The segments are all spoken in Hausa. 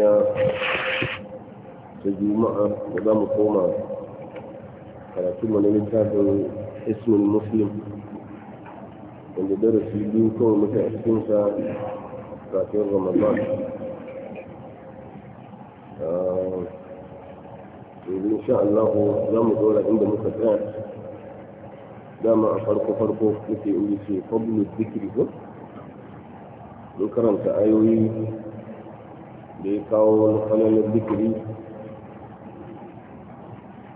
safiya ta juma'a da za mu koma karatunmu na littafin ismin muslim wanda darasi biyu kawai muka a cikinsa kafin ramadan ah, in sha Allah za mu dora inda muka tsaya dama a farko farko muke inda ce fablu zikiri ko mun karanta ayoyi بقول قلم الذكر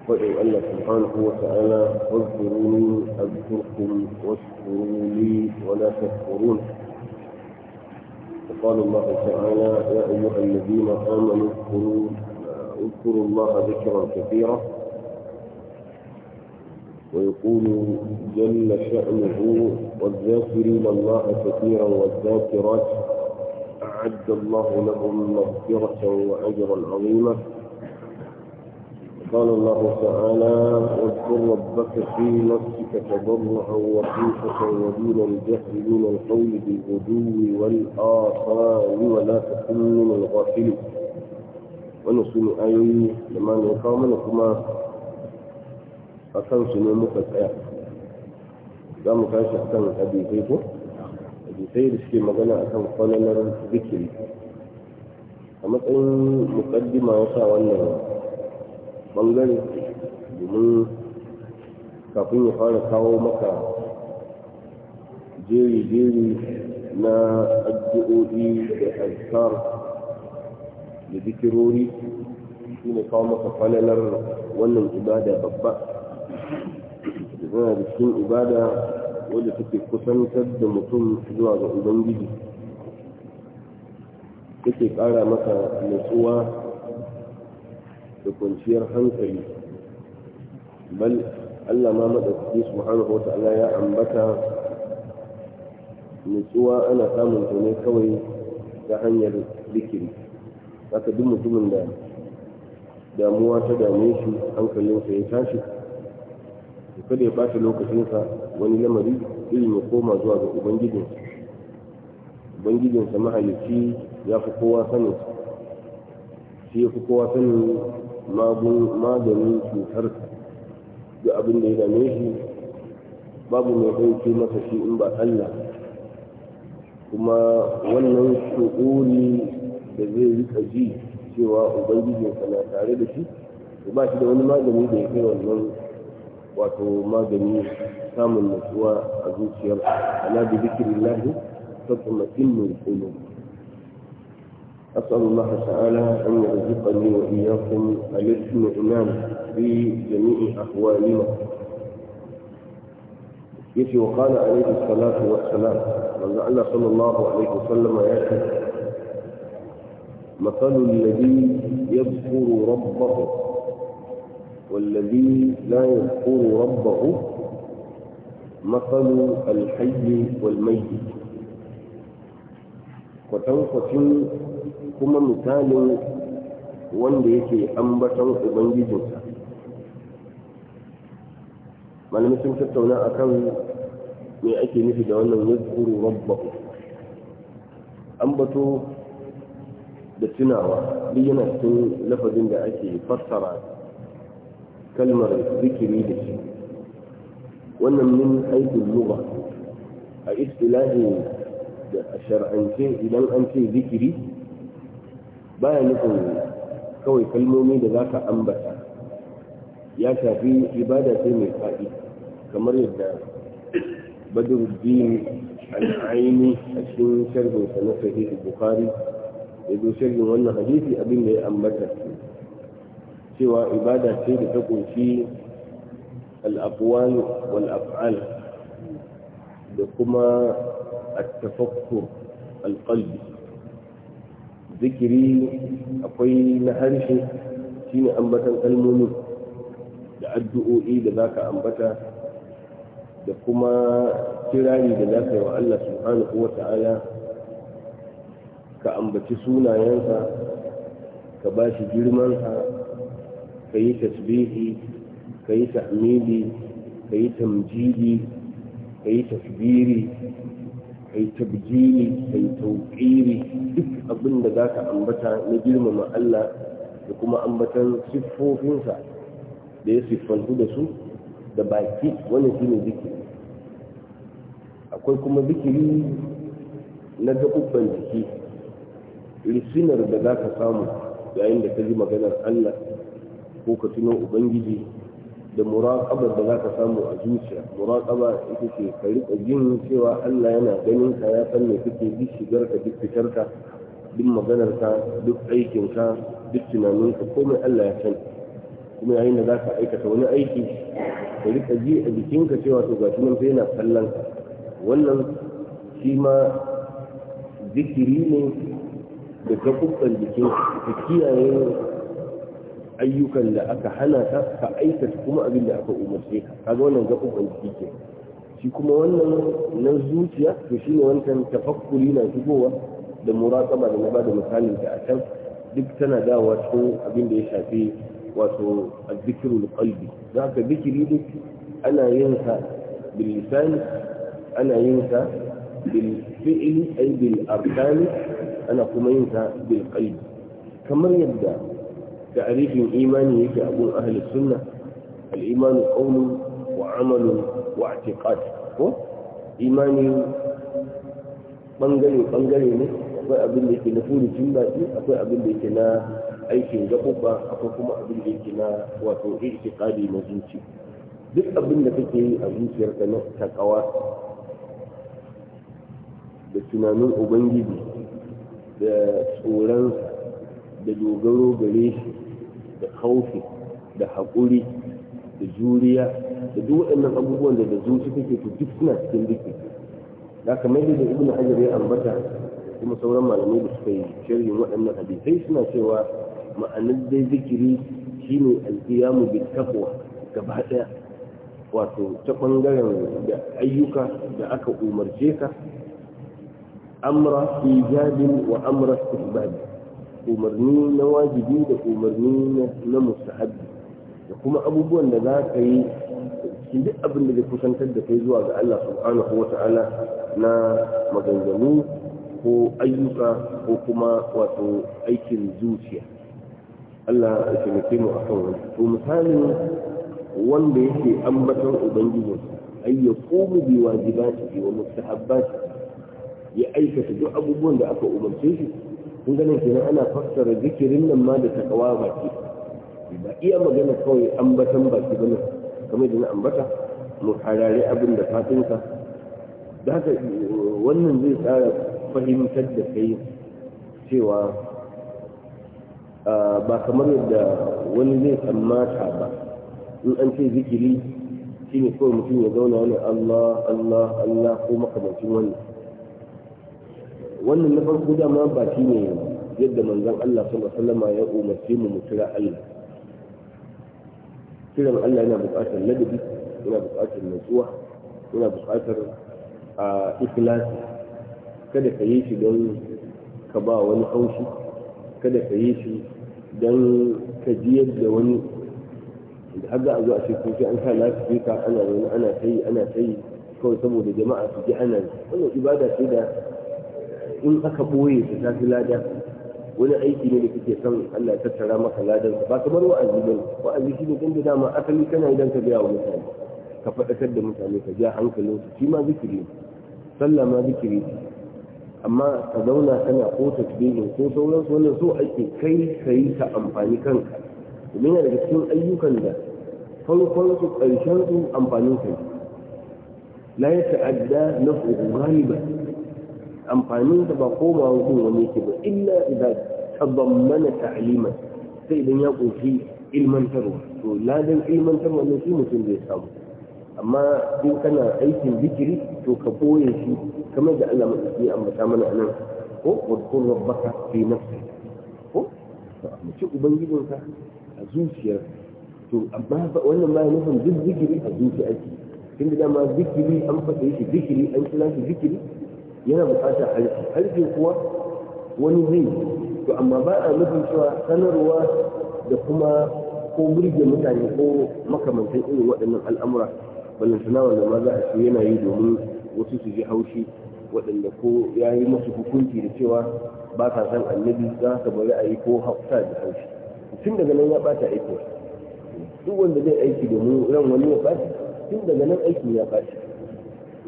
وادعو الله سبحانه وتعالى اذكروني اذكركم واشكروا لي ولا تكفرون وقال الله تعالى يا ايها الذين امنوا اذكروا اذكروا الله ذكرا كثيرا ويقول جل شأنه والذاكرين الله كثيرا والذاكرات أعد الله لهم مغفرة وأجرا عظيما قال الله تعالى واذكر ربك في نفسك تضرعا وخيفة ودون الجهل دون القول بالغدو والآصال ولا تكن من الغافلين ونصل أي لما نقام لكما أكن سنة مكتئة دام كان شخصا حديثيكم hadisai da suke magana akan kwalalar zikiri a matsayin mukaddima wasa wannan bangare domin kafin ya fara kawo maka jeri-jeri na addu'o'i da azkar da zikirori shi ne kawo maka kwalalar wannan ibada babba da zana da cikin ibada wadda take kusantar da mutum zuwa ga ubangiji take ƙara maka nutsuwa da kwanciyar hankali bal Allah ma maɗaukaki subhanahu wata'ala ya ambata nutsuwa ana samun ta kawai ta hanyar zikiri haka duk mutumin da damuwa ta dame shi hankalinsa ya tashi kada ya lokacin lokacinsa wani lamari irin ya koma zuwa ga ubangijinsa ubangijinsa mahalicci ya fi kowa sani shi ya fi kowa sani maganin cutarsa da abin da ya dame shi babu mai ɗauke masa shi in ba Allah kuma wannan shukuri da zai rika ji cewa ubangijinsa na tare da shi ba shi da wani magani da ya kai wannan wato magani samun natsuwa a zuciyar ala bi zikrillahi tatma'innu qulub أسأل الله تعالى أن يرزقني وإياكم الاطمئنان في جميع أحوالنا يتي وقال عليه الصلاة والسلام من لعل صلى الله عليه وسلم يأتي مثل الذي يذكر ربه والذي لا يذكر ربه مثل الحي والميت وتنقسم كما مثال وانديك أنبتا أبنجد ما لم يكن كتونا أكل من أكي نفد وأنه يذكر ربه أنبتو da tunawa duk لفظ cikin lafazin kalmar zikiri da shi wannan min aikin lugha a istilahi da a shar'ance idan an ce zikiri baya nufin kawai kalmomi da za ka ambata ya shafi ibada ce mai faɗi kamar yadda badruddin al'aini a cikin sharhinsa na sahihu bukhari ya zo sharhin wannan hadisi abin da ya ambata cewa ibada ce da ta kunshi al'akwal wal'af'al da kuma attafakkur alƙalbi zikiri akwai na harshe shine ambatan kalmomin da addu'o'i da za ka ambata da kuma kirari da za ka yi wa Allah subhanahu wa ta'ala ka ambaci sunayensa ka ba shi girmansa kayi tasbihi ka yi kayi tamjidi ka yi tasbiri ka yi tabjili ka yi duk abin da zaka ambata na girmama Allah da kuma ambatan siffofinsa da ya siffantu da su da baki wannan shine zikiri akwai kuma zikiri na gaɓuɓɓen jiki risinar da zaka samu yayin da ka ji maganar Allah ko ka tuno ubangiji da muraqabar da zaka samu a zuciya muraqaba ita ce ka rika jin cewa Allah yana ganin ka ya san me kake duk shigar ka duk fitar ka duk maganar ka duk aikin ka duk tunanin ka komai Allah ya san kuma yayin da zaka aikata wani aiki ka rika ji a jikinka cewa to ga nan sai yana kallon ka wannan shi ma zikiri ne da ka jikin ka kiyaye ayyukan da aka hana ka ka aikata kuma abin da aka umarce ka kaga wannan gaɓin aiki ke shi kuma wannan na zuciya to shine wancan tafakkuri na shigowa da muraqaba da na bada misalin ta a can duk tana dawowa cikin abin da ya shafi wato azzikirul qalbi za ka zikiri duk ana yin sa bil lisan ana yin sa bil fi'li ay bil arkan ana kuma yin sa bil qalbi kamar yadda ta'arifin imani yake abun ahli sunna al-imanu qawlun wa amalun wa i'tiqad ko imani bangare ne akwai abin da ke na furucin baki akwai abin da ke na aikin gaɓuɓɓa akwai kuma abin da ke na wato i'tiqadi na zuci duk abin da kake yi a zuciyarka na takawa da tunanin ubangiji da tsoron da dogaro gare shi da haufi da haƙuri da juriya da duk waɗannan abubuwan da da zuci take to duk suna cikin duki da kamar da ibnu hajar ya ambata kuma sauran malamai da suka yi sharhi waɗannan hadisai suna cewa ma'anar dai zikiri shine alqiyamu bil taqwa gaba daya wato ta bangaren da ayyuka da aka umarce ka amra ijabin wa amra istihbabi umarni na wajibi da umarni na mustahabbi da kuma abubuwan da za ka yi cikin duk abin da zai kusantar da kai zuwa ga Allah subhanahu wa ta'ala na maganganu ko ayyuka ko kuma wato aikin zuciya Allah ya taimake mu akan wani to misalin wanda yake ambaton ubangiji ay yaqumu bi wajibati wa mustahabbatihi ya aikata duk abubuwan da aka umarce shi kun ganin kenan ana fassara zikirin nan ma da takawa baki ba iya magana kawai ambatan baki bane kamar da na ambata mu harare abin da fatinka da haka wannan zai tsara fahimtar da kai cewa ba kamar yadda wani zai tsammata ba in an ce zikiri shine kawai mutum ya zauna wani Allah Allah Allah ko makamancin wannan wannan na farko dama ba shi ne yadda manzon Allah sallallahu alaihi wasallam ya umarce mu mu kira Allah kiran Allah yana buƙatar ladabi yana buƙatar nutsuwa yana buƙatar a ikhlasi kada ka yi shi don ka ba wani haushi kada ka yi shi don ka ji yadda wani da har za a zo a cikin shi an sa lafi ka ana wani ana ta yi ana ta yi kawai saboda jama'a su ji ana wannan ibada ce da in aka ɓoye da ta fi lada wani aiki ne da kake son Allah ya tattara maka ladan ba bar wa'azi ba wa'azi shi ne inda dama asali kana idan ka biya wa mutane ka faɗakar da mutane ka ja hankalin su shi ma zikiri sallah ma zikiri amma ka zauna kana ko tasbihin ko sauransu wannan so ake kai ka yi ka amfani kanka domin yana daga cikin ayyukan da farkon su ƙarshen su amfanin kai la ya ta'adda na galiban amfanin da ba koma wajen wani yake ba illa idan mana ta'alima sai idan ya kunshi ilmantarwa to ladan ilmantarwa ne shi mutum zai samu amma in kana aikin zikiri to ka boye shi kamar da Allah madauki ya ambata mana anan ko wadkun rabbaka fi nafsi ko to mace ubangijinka a zuciyar to amma wannan ya nufin duk zikiri a zuciya ake tunda dama zikiri an fasa yake zikiri an kira shi zikiri yana buƙatar harshe harshe kuwa wani zai to amma ba a nufin cewa sanarwa da kuma ko burge mutane ko makamantan irin waɗannan al'amura ballantana wanda ma za a ce yana yi domin wasu su ji haushi waɗanda ko ya yi musu hukunci da cewa ba ka san annabi za ka bari a yi ko hausa da haushi tun daga nan ya ɓata aiki duk wanda zai aiki domin ran wani ya ɓaci tun daga nan aiki ya ɓaci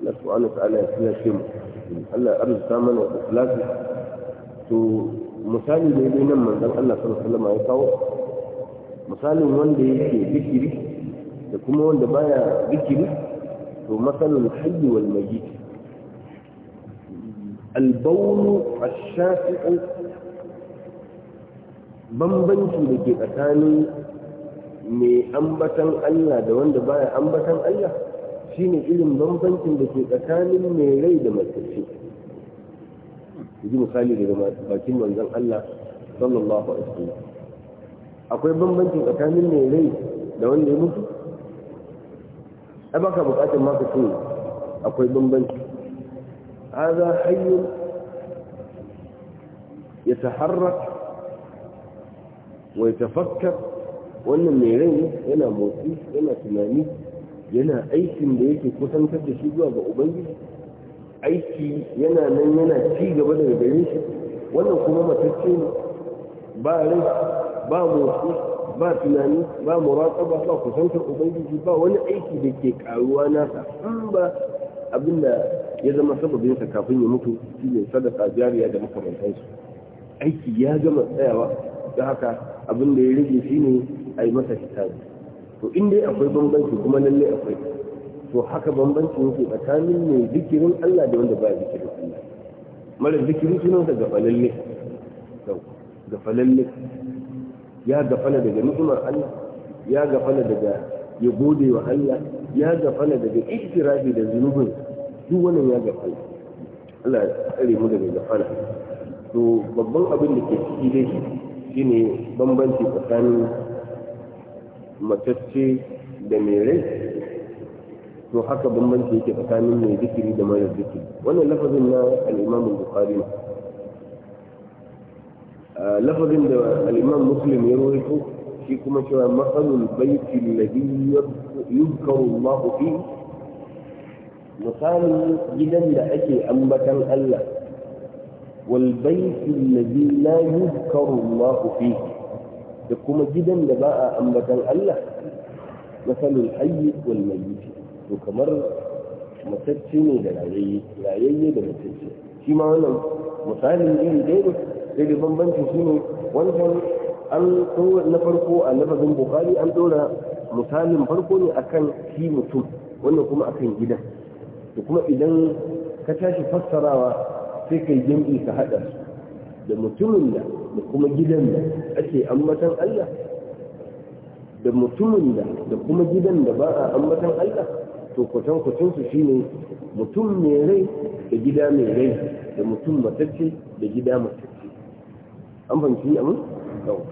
Allah subhanahu wa ta'ala ya tsaya shi mu Allah ya arzuta mana da ikhlasi to misali ne dai nan manzon Allah sallallahu alaihi wasallam ya kawo misalin wanda yake zikiri da kuma wanda baya zikiri to masalul hayy wal mayyit البول الشافئ bambanci da ke tsakanin mai ambatan Allah da wanda baya ambatan Allah shine irin bambancin da ke tsakanin mai rai da matacce ji misali daga bakin manzan Allah sallallahu alaihi wasallam akwai bambancin tsakanin mai rai da wanda ya mutu ai baka bukatar ma ka ce akwai bambanci hadha hayyun yataharrak wa yatafakkar wannan mai rai yana motsi yana tunani yana aikin da yake kusantar da shi zuwa ga ubangiji aiki yana nan yana ci gaba daga gare shi wannan kuma matacce ne ba rai ba motsi ba tunani ba muraƙaba ba kusantar ubangiji ba wani aiki da ke karuwa nasa in ba abin da ya zama sababinsa kafin ya mutu shi ne sadaka jariya da su aiki ya gama tsayawa da haka abin da ya rage shi ne a yi masa hisabi to in dai akwai bambanci kuma lalle akwai to haka bambanci yake tsakanin mai zikirin Allah da wanda ba zikirin Allah mara zikiri sunan sa gafalalle gafalalle ya gafala daga ni'imar Allah ya gafala daga ya gode wa Allah ya gafala daga iktirafi da zunubin duk wannan ya gafala Allah ya tsare mu daga gafala to babban abin da ke ciki dai shine bambanci tsakanin matacce da mai rai to haka bambanci yake tsakanin mai zikiri da mara zikiri wannan lafazin na al'imamun bukari ne lafazin da al'imam muslim ya rawaito shi kuma cewa matsalul baiti ladhi yuzkaru Allah fi misalin gidan da ake ambatan Allah wal baiti ladhi la yuzkaru Allah fihi da kuma gidan da ba a ambatan Allah masalin hayyi wal mayyit to kamar matacce ne da rayayye rayayye da matacce shi ma wannan misalin iri ɗaya ne da bambanci shi ne wannan an na farko a lafazin bukari an ɗora misalin farko ne akan shi mutum wannan kuma akan gidan da kuma idan ka tashi fassarawa sai kai jam'i ka haɗa su da mutumin da da kuma gidan da ake ambatan Allah da mutumin da da kuma gidan da ba a ambatan Allah to kwatan kwatan su shine mutum mai rai da gida mai rai da mutum matacce da gida matacce an a mun? yau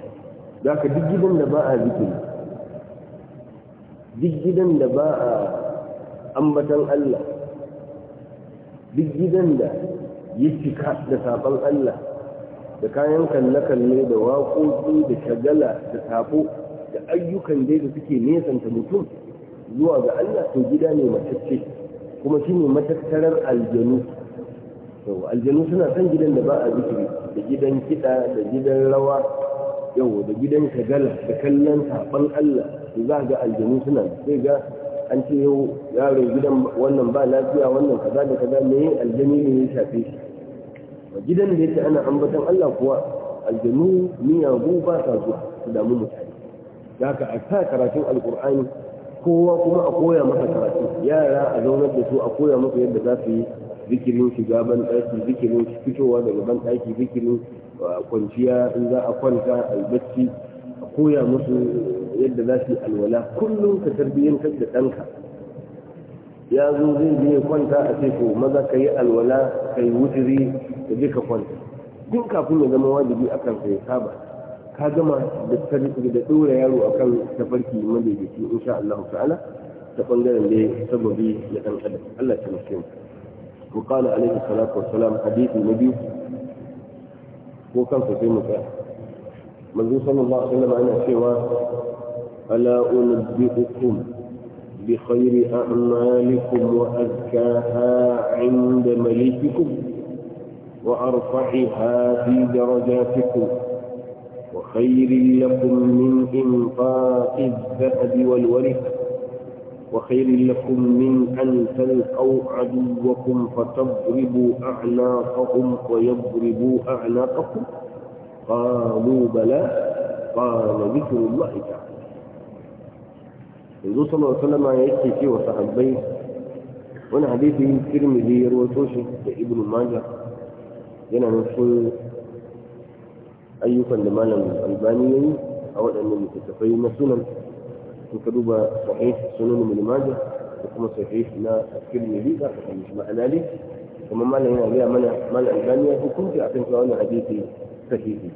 za ka duk gidan da ba a zikiri duk gidan da ba a ambatan Allah duk gidan da ya cika da sabon Allah da kayan kalle-kalle da waƙoƙi da shagala da tafo da ayyukan dai da suke nesanta mutum zuwa ga Allah to gida ne matacce kuma shi ne matattarar aljanu aljanu suna son gidan da ba a zikiri da gidan kiɗa da gidan rawa yau da gidan shagala da kallon saɓan Allah da za ga aljanu suna sai ga an ce yau yaron gidan wannan ba lafiya wannan kaza da kaza me aljani ne ya shafe shi a gidan da yake ana ambaton Allah kuwa aljanu miyagu ba ta zuwa su damu mutane haka a sa karatun alkur'ani kowa kuma a koya masa karatu yara a zaunar da su a koya masa yadda za su yi zikirin shiga ban ɗaki zikirin fitowa daga ban ɗaki zikirin kwanciya in za a kwanta a a koya musu yadda za su yi alwala kullum ka tarbiyyantar da ɗanka ya zo zai je kwanta a ce ko maza ka yi alwala ka yi wuturi ka je ka kwanta duk kafin ya zama wajibi a akan sai saba ka gama da tarihi da dora yaro akan tafarki madaidaici insha Allah ta'ala ta bangaren da sababi ya dan kada Allah ta mushe mu kana alaihi salatu wassalam hadisi na biyu ko kan sai mu tsaya manzo sallallahu alaihi wasallam yana cewa ala unbiukum a'malikum wa azkaha inda malikikum وأرفعها في درجاتكم وخير لكم من إنفاق الذهب والورث وخير لكم من أن تلقوا عدوكم فتضربوا أعناقهم ويضربوا أعناقكم قالوا بلى قال ذكر الله تعالى الرسول صلى الله عليه وسلم في وصحبه وانا حديثه الترمذي يروي روتوشي ابن ماجه yana nufin ayyukan da malam albani ya yi a waɗannan littattafai na sunan in ka duba sahih sunan mulmaja da kuma sahih na akilmi riƙa a kan shi ma'ana ne kuma malam yana gaya mana malam albani ya hukunci a kan cewa wannan hadisi sahihi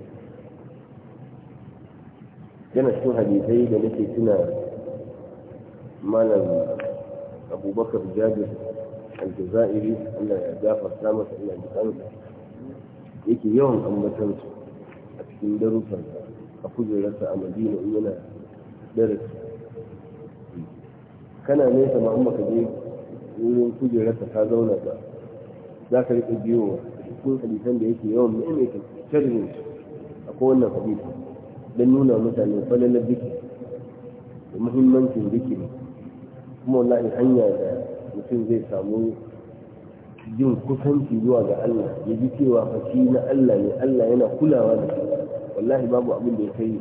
yana cikin hadisai da nake tuna malam abubakar jabir الجزائري allah ya gafarta masa ina yake yawan ambatansu a cikin darussan a kujerarsa a madina in yana darasi kana nesa ma amma ka je wurin kujerarsa ta zauna ba za ka rika biyo a cikin hadisan da yake yawan maimaita sharrin a kowane hadisi don nuna mutane falalar biki da muhimmancin biki kuma wallahi hanya da mutum zai samu jin kusanci zuwa ga Allah ya ji cewa fa na Allah ne Allah yana kulawa da shi wallahi babu abin da ya kai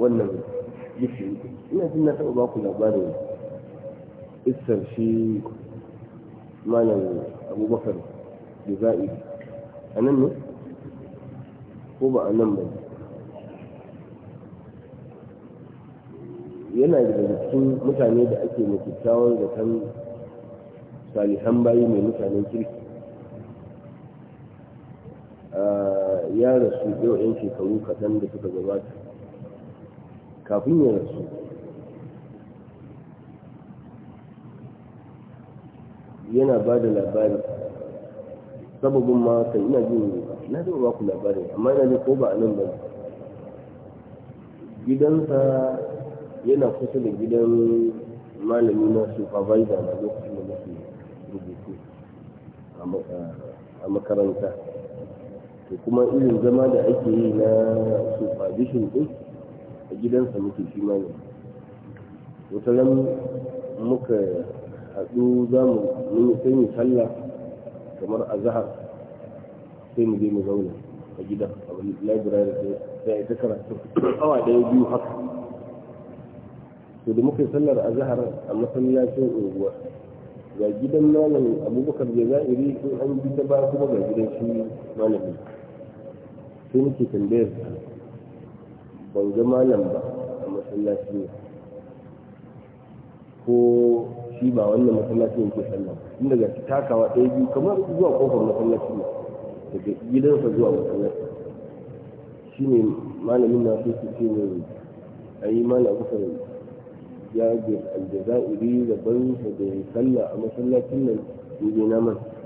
wannan yake ina jin na taɓa baku labarin isar shi malam abubakar da a nan ne ko ba a nan ba yana da cikin mutane da ake da kan salihan bayi mai mutanen kirki ya rasu yau 'yan shekaru kaɗan da suka gabata kafin ya rasu yana ba da labari sababin ma kan ina jin na zama ba ku labari amma ina ko ba a nan ba gidansa yana kusa da gidan malami na supervisor na lokacin da muke rubutu a makaranta to kuma irin zama da ake yi na supervision din a gidansa muke shi ma ne wata ran muka haɗu za mu sai mu sallah kamar a zahar sai mu je mu zauna a gida a wani library sai ta karatu awa ɗaya biyu haka to da muka yi sallar zahar a masallacin unguwa ga gidan malam abubakar jazairi sun an bi ta ba kuma ga gidan shi malamin sai muke tambayar ban ga malam ba a masallaci ne ko shi ba wannan masallaci yake sallah tun daga takawa ɗaya biyu kamar zuwa kofar masallaci ne daga gidansa zuwa masallaci shi ne malamin na su ce ne a yi malam da ya ga aljazairi da ban da sallah a masallacin nan ne na masa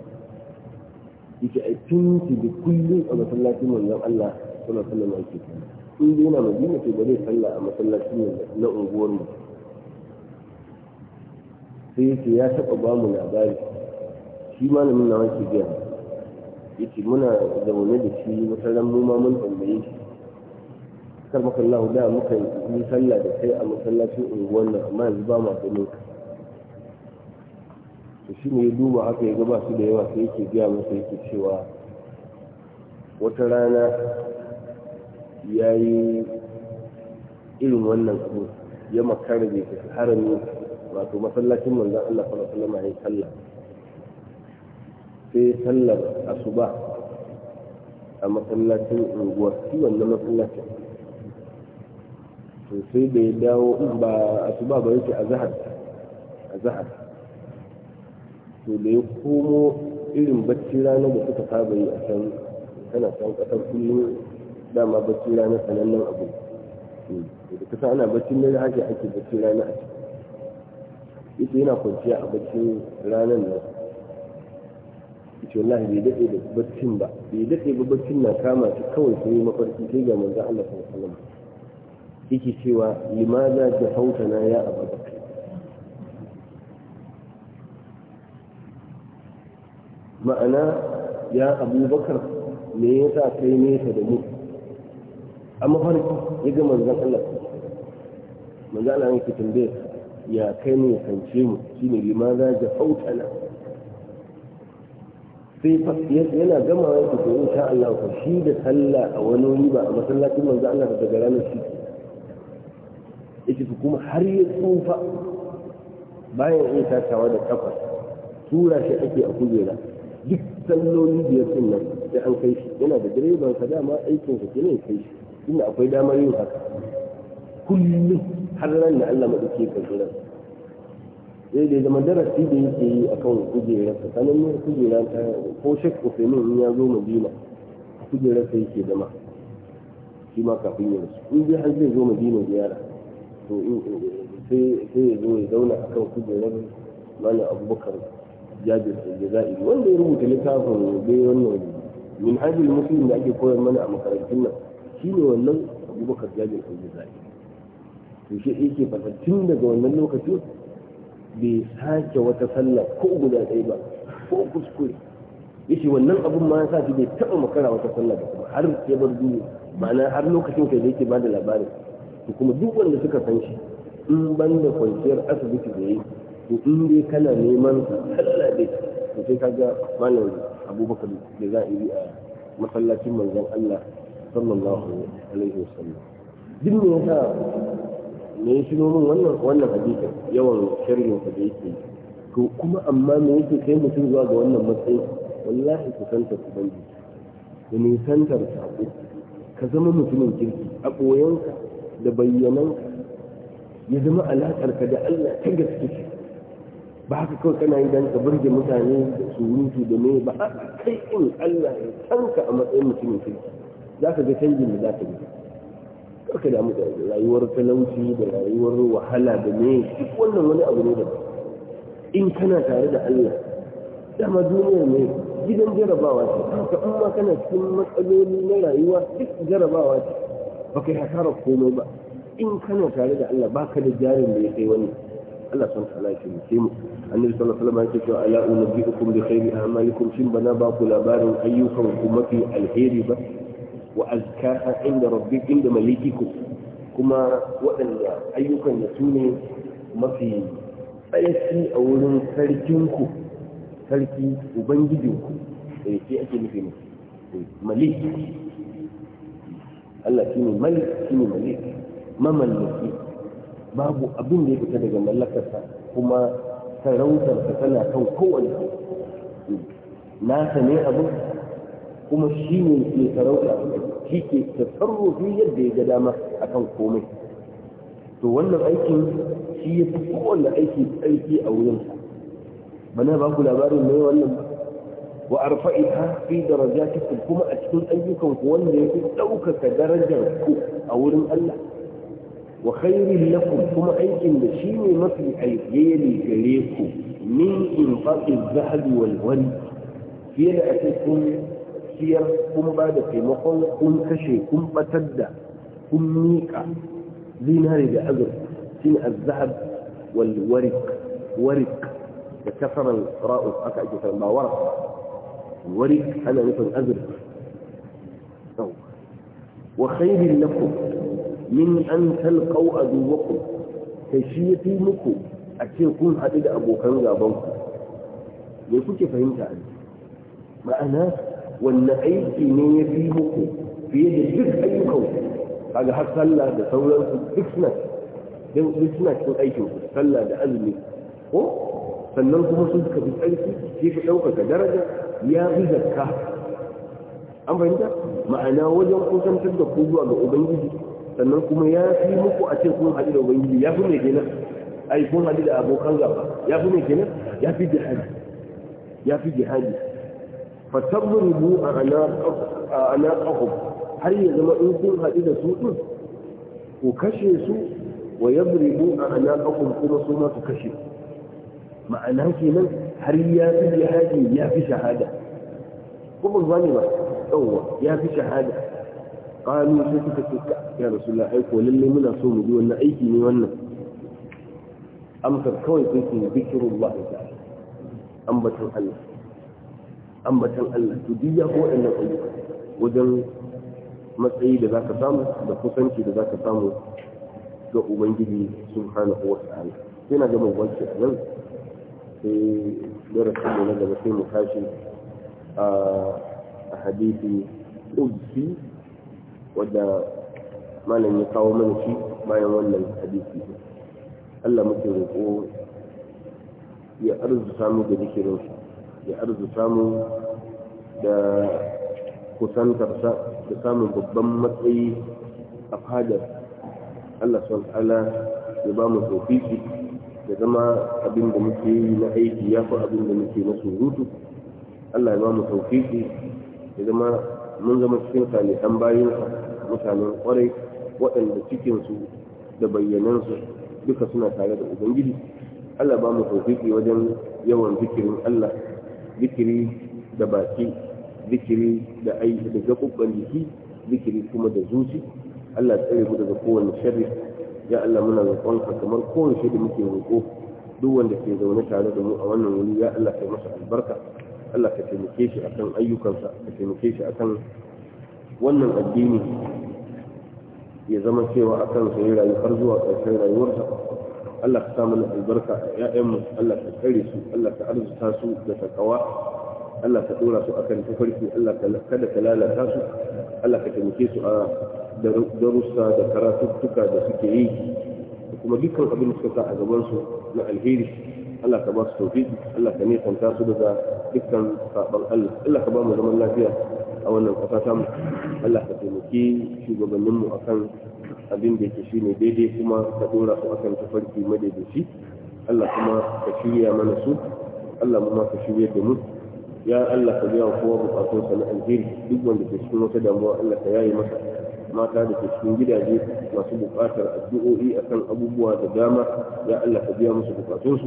yake a tunci da kullum a masallacin wannan Allah sallallahu alaihi wasallam yake in dai yana madina to ba zai salla a masallacin na unguwar mu sai yake ya taba ba mu labari shi malamin nuna wanke biya yake muna zaune da shi wata mu ma mun tambaye shi kar maka Allah da muka yi sallah da kai a masallacin unguwar nan amma yanzu ba ma ganin ka to shi ne duba haka ya gaba su da yawa sai yake biya masa yake cewa wata rana ya yi irin wannan abu ya makara bai tafi harami wato masallacin manzan Allah fara alaihi ya yi sallah sai sallar asuba a masallacin unguwar shi wannan masallacin sosai sai bai dawo ba asuba ba yake a zahar a zahar to da ya komo irin bacci ranar da suka saba yi a can tana can kasar kullum dama bacci ranar sanannen abu da kasa ana bacci ne haka ake bacci ranar a cikin ita yana kwanciya a bacci ranar nan ita wallahi bai daɗe da baccin ba bai daɗe ba baccin na kama shi kawai sai mafarki sai ga manzan Allah sallallahu alaihi wasallam yake cewa limaza jahauta na ya abubakar ma'ana ya abubakar me yasa kai nesa da mu a mafarki ya ga manzan Allah manzan Allah yake tambaye ya kai ne kance mu shine bi ma za ja fautana sai yana gama ya fito insha Allah ka shi da sallah a wani wuri ba a masallacin manzan Allah daga ranar shi yake kuma har ya tsufa bayan yi tasawa da kafa tura shi ake a kujera duk salloli biyar din nan sai an kai shi yana da direban sa dama aikin sa kenan kai shi inda akwai damar yin haka kullum har ran da Allah madauke ka jira sai da zaman darasi da yake yi akan kujerar ka sanin ne kujera ta ko shek Usaimin ya zo Madina kujerar sai yake zama shi ma kafin ya rasu in dai har zai zo Madina ziyara to sai sai ya zo ya zauna akan kujerar Malam Abubakar jabir al-jazairi wanda ya rubuta littafin bai wannan min hajjul muslim da ake koyar mana a makarantun nan shine wannan abubakar jabir al-jazairi to shi yake fata tun daga wannan lokacin bai sake wata sallah ko guda ɗaya ba ko kuskure yace wannan abun ma sa shi bai taɓa makara wata sallah ba kuma har ya bar duniya ma'ana har lokacin kai da yake bada labarin to kuma duk wanda suka san shi in ban da kwanciyar asibiti da yi to in dai kana neman sallah daɗe da sai kaga malam abubakar da za a yi a masallacin manzon Allah sallallahu alaihi wasallam duk me yasa me ya shiro min wannan wannan hadisi yawan sharrin da yake to kuma amma me yake kai mutum zuwa ga wannan matsayi wallahi ku santa ku banji da nisantar ku ka zama mutumin kirki a ɓoyenka da bayyananka ya zama alaƙarka da Allah ta gaske ba haka kawai kana yi don ka burge mutane da surutu da mai ba a kai in Allah ya tanka a matsayin mutumin kirki za ka ga canjin da za ka ga karka da mu da rayuwar talauci da rayuwar wahala da me duk wannan wani abu ne da in kana tare da Allah dama duniyar ne gidan jarabawa ce haka in ma kana cikin matsaloli na rayuwa duk jarabawa ce ba kai hasarar komai ba in kana tare da Allah ba ka da jarin da ya kai wani Allah san ta lafi mu sai mu annabi sallallahu alaihi wasallam yake cewa ala unabbiukum bi khairi a'malikum shin bana ba ku labarin ayyukan ku mafi alheri ba wa azkaha inda rabbi inda malikikum kuma waɗanda ayyukan da su ne mafi tsayaki a wurin ku sarki ku sai ke ake nufi ne eh, malik Allah shine malik shi ne malik mamallaki babu abin da ya fita daga mallakarsa kuma sarautarsa tana kan kowane nasa ne abin kuma shi ne ke sarauta shi ke tasarrufi yadda ya ga dama kan komai to wannan aikin shi ya fi kowane aiki tsarki a wurinsa bana ba ku labarin mai wannan wa arfa'iha fi darajatikum kuma a cikin ayyukan ku wanda ya fi ɗaukaka darajar ku a wurin Allah وخير لكم كما أيكم لشيني مثل أيديني جليكم من إنفاق الذهب والغن في لأتكم سير كم بعد في مقل كم كشي كم بتدى كم ميكا دينار بأجر سين الذهب والورق ورق تكسر الراء أكأجي فما ورق الورق أنا مثل أجر طيب. وخير لكم min an talqau aduwakum kai shi ya fi muku a ce kun haɗu da abokan gabanku me kuke fahimta a ma'ana wannan aiki ne ya fi muku fiye da duk ayyukan kaga har sallah da sauransu duk suna don duk suna cikin aikin ku sallah da azumi ko sannan kuma sun ka bi tsarki sai ka ɗaukaka daraja ya fi zakka an fahimta ma'ana wajen kusantar da ku zuwa ga ubangiji sannan kuma ya fi muku a ce kun haɗu da ubangiji ya fi mai a ai kun haɗu da abokan gaba ya fi mai gina ya fi jihadi ya fi jihadi fatabrubu a anaqahum har ya zama in kun haɗu da su din ku kashe su wa yabribu a anaqahum kuma su ma su kashe ma'ana kenan har ya fi jihadi ya fi shahada kuma ba ba yawwa ya fi shahada qalu sai suka ce ya rasulullah ai ko lalle muna so mu ji wannan aiki ne wannan amsar kawai sai ke zikrullah ta'ala ambatan Allah ambatan Allah to duk ya ko wannan ayyuka wajen matsayi da zaka samu da kusanci da zaka samu ga ubangiji subhanahu wa ta'ala sai na gama wanke a nan sai darasin mu na gaba sai mu tashi a hadisi قدسي wadda malam ya kawo mana shi bayan wannan hadisi Allah muke roƙo ya arzuta mu da zikirin ya arzuta mu da kusantarsa da samun babban matsayi a fadar Allah subhanahu ta'ala ya ba mu tofiki da zama abin da muke yi na aiki ya fi abin da muke na surutu Allah ya ba mu tofiki ya zama mun zama cikin salihan bayansa mutanen kwarai waɗanda cikin su da bayyanansu duka suna tare da ubangiji Allah ba mu tofiki wajen yawan zikirin Allah zikiri da baki zikiri da aiki da gaɓuɓɓen jiki zikiri kuma da zuci Allah tsare mu daga kowane sharri ya Allah muna roƙonka kamar kowane shi muke roƙo duk wanda ke zaune tare da mu a wannan wuri ya Allah kai masa albarka Allah ka taimake shi akan ayyukansa ka taimake shi akan wannan addini ya zama cewa akan sai rayu har zuwa ƙarshen rayuwarsa Allah ka sa mana albarka a ƴaƴanmu Allah ka kare su Allah ka arzuta su da takawa Allah ka dora su akan tafarki Allah ka kada ka lalata su Allah ka taimake su a darussa da karatuttuka da suke yi kuma dukkan abin da suka sa a gaban su na alheri Allah ka ba su tawfiki Allah ka nisanta su daga dukkan saban Allah Allah ka ba mu zaman lafiya a wannan kasa ta mu Allah ka taimaki shugabannin mu akan abin da yake shine daidai kuma ka dora su akan tafarki madaidaici Allah kuma ka shirya mana su Allah mu ma ka shirya da mu ya Allah ka biya kowa bukatunsa na alheri duk wanda ke cikin wata damuwa Allah ka yaye masa mata da ke cikin gidaje masu bukatar addu'o'i akan abubuwa da dama ya Allah ka biya musu bukatunsu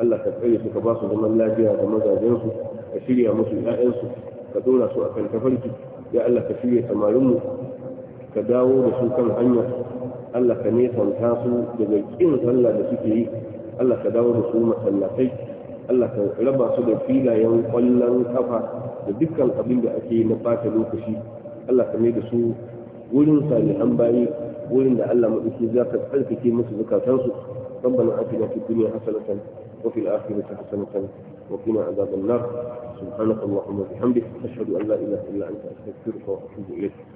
Allah ka tsare su ka ba su zaman lafiya da mazajensu ka shirya musu ƴaƴansu ka dora su akan tafarki ya Allah ka shirya samarinmu ka dawo da su kan hanya Allah ka nesanta su daga ƙin sallah da suke yi Allah ka dawo da su masallatai Allah ka raba su da filayen kwallon kafa da dukkan abin da ake na ɓata lokaci Allah ka mai da su wurin salihan bayi wurin da Allah maɗauki za ka tsarkake musu zukatansu ربنا آتنا في الدنيا حسنة وفي الآخرة حسنة وقنا عذاب النار سبحانك اللهم وبحمدك أشهد أن لا إله إلا أنت أستغفرك وأتوب إليك